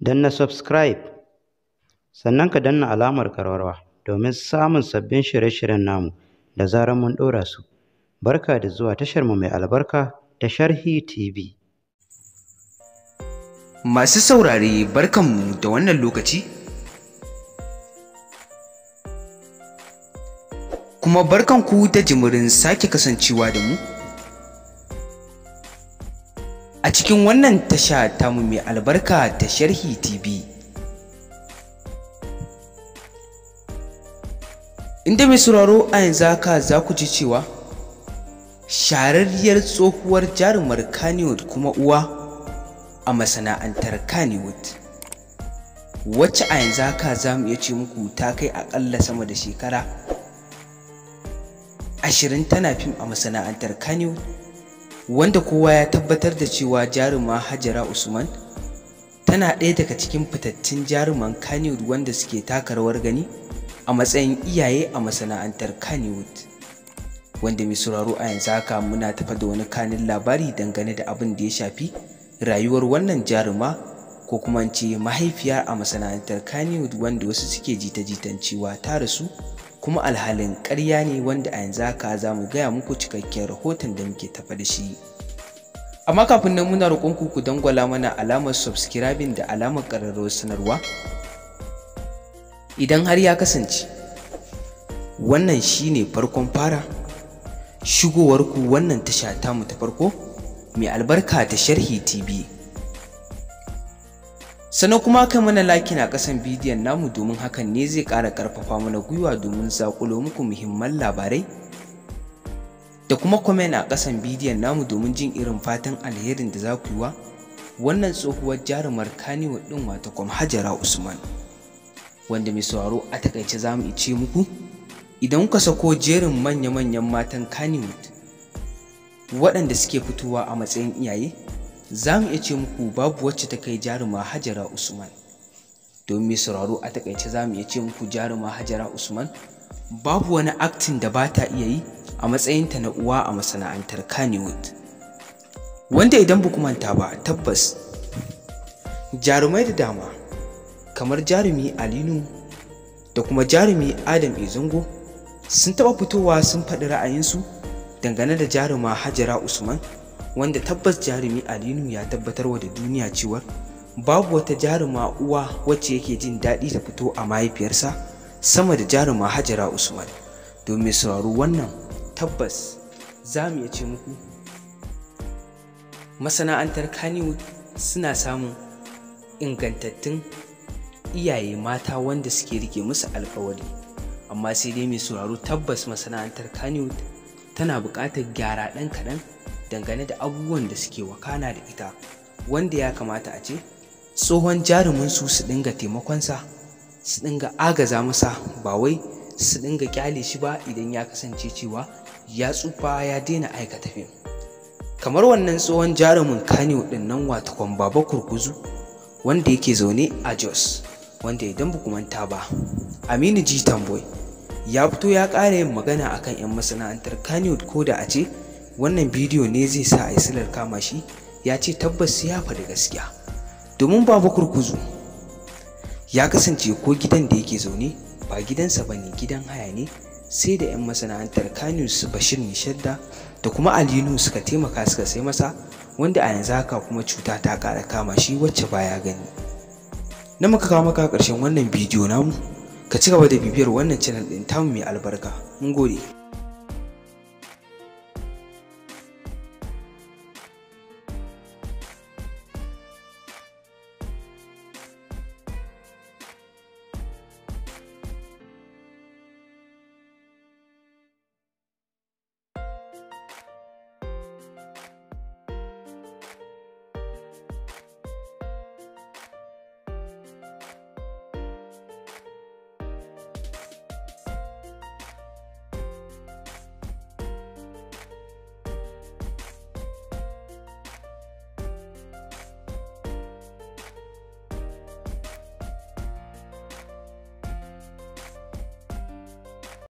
na subscribe sannan ka danna alamar karwarwa domin samun sabbin shirye-shiryen namu da zarar mun ɗora su. Barka da zuwa tashar mu mai albarka ta Sharhi TV. Masu saurare barkanmu da wannan lokaci kuma barkanku ta jimirin sake kasancewa da mu. a cikin wannan tasha ta mu mai albarka ta sharhi tv inda mai sauraro a yanzu haka za ku ji cewa shahararriyar tsohuwar jarumar kaniwood kuma uwa a masana'antar kaniwood wacce a yanzu haka za mu iya ce muku ta kai aƙalla sama da shekara ashirin tana fim a masana'antar kaniwood wanda kowa ya tabbatar da cewa jaruma hajara usman tana ɗaya daga cikin fitattun jaruman kannywood wanda suke taka rawar gani a matsayin iyaye a masana'antar kannywood wanda mai sauraro a yanzu haka muna tafa da wani kanin labari dangane da abin da ya shafi rayuwar wannan jaruma ko kuma ce mahaifiya a masana'antar kannywood wanda wasu suke jita-jitan cewa ta rasu kuma alhalin ƙarya ne wanda a yanzu haka za mu gaya muku cikakken rahoton da muke tafa da shi amma kafin nan muna roƙonku ku dangwala mana alamar subscribing da alamar ƙararrawar sanarwa idan har ya kasance wannan shi ne farkon fara shigowarku wannan tasha tamu ta farko mai albarka ta sharhi tv sannan kuma ka mana lakin a ƙasan bidiyon namu domin hakan ne zai ƙara ƙarfafa mana gwiwa domin zaƙulo muku muhimman labarai da kuma kwamen a ƙasan bidiyon namu domin jin irin fatan alherin da za ku yi wa wannan tsohuwar jarumar kaniwa ɗin wata kwam hajara usman wanda mai sauraro a takaice za mu ice muku idan kuka sako jerin manya-manyan matan kaniwood waɗanda suke fitowa a matsayin iyaye za mu iya ce muku babu wacce ta kai jaruma hajara usman domin sauraro a takaice za mu iya ce muku jaruma hajara usman babu wani aktin da ba ta iya yi a matsayinta na uwa a masana'antar Kaniwood. Wanda idan ba manta ba tabbas jarumai da dama kamar jarumi Alinu da kuma jarumi Adam izungu sun taɓa fitowa sun faɗi ra'ayinsu dangane da jaruma Hajara Usman wanda tabbas jarumi alinu ya tabbatar wa da duniya cewa babu wata jaruma uwa wacce yake jin daɗi da fito a mahaifiyarsa sama da jaruma hajara usman domin sauraro wannan tabbas za mu iya ce muku masana'antar kannywood suna samun ingantattun iyaye mata wanda suke rike musu alkawari amma sai dai mai sauraro tabbas masana'antar kannywood tana buƙatar gyara ɗan kaɗan dangane da abubuwan da suke wakana da ita wanda ya kamata a ce tsohon jarumin su su dinga taimakonsa su dinga agaza masa ba wai su dinga kyale shi ba idan ya kasance cewa ya tsufa ya daina aikata fim kamar wannan tsohon jarumin kaniyo din nan watakon baba kurkuzu wanda yake zaune a jos wanda idan ba manta ba aminu ji tamboy ya fito ya ƙara yin magana akan 'yan masana'antar kaniyo ko da a ce wannan bidiyo ne zai sa a yi silar kama shi ya ce tabbas ya faɗi gaskiya domin baba kurkuzu ya kasance ko gidan da yake zaune ba gidansa ba ne gidan haya ne sai da 'yan masana'antar kanus bashir nishadda da kuma alinu suka taimaka suka sai masa wanda a yanzu haka kuma cuta ta ƙara kama shi wacce baya gani na muka kawo maka ƙarshen wannan bidiyo namu ka ci gaba da bibiyar wannan channel ɗin tamu mai albarka mun gode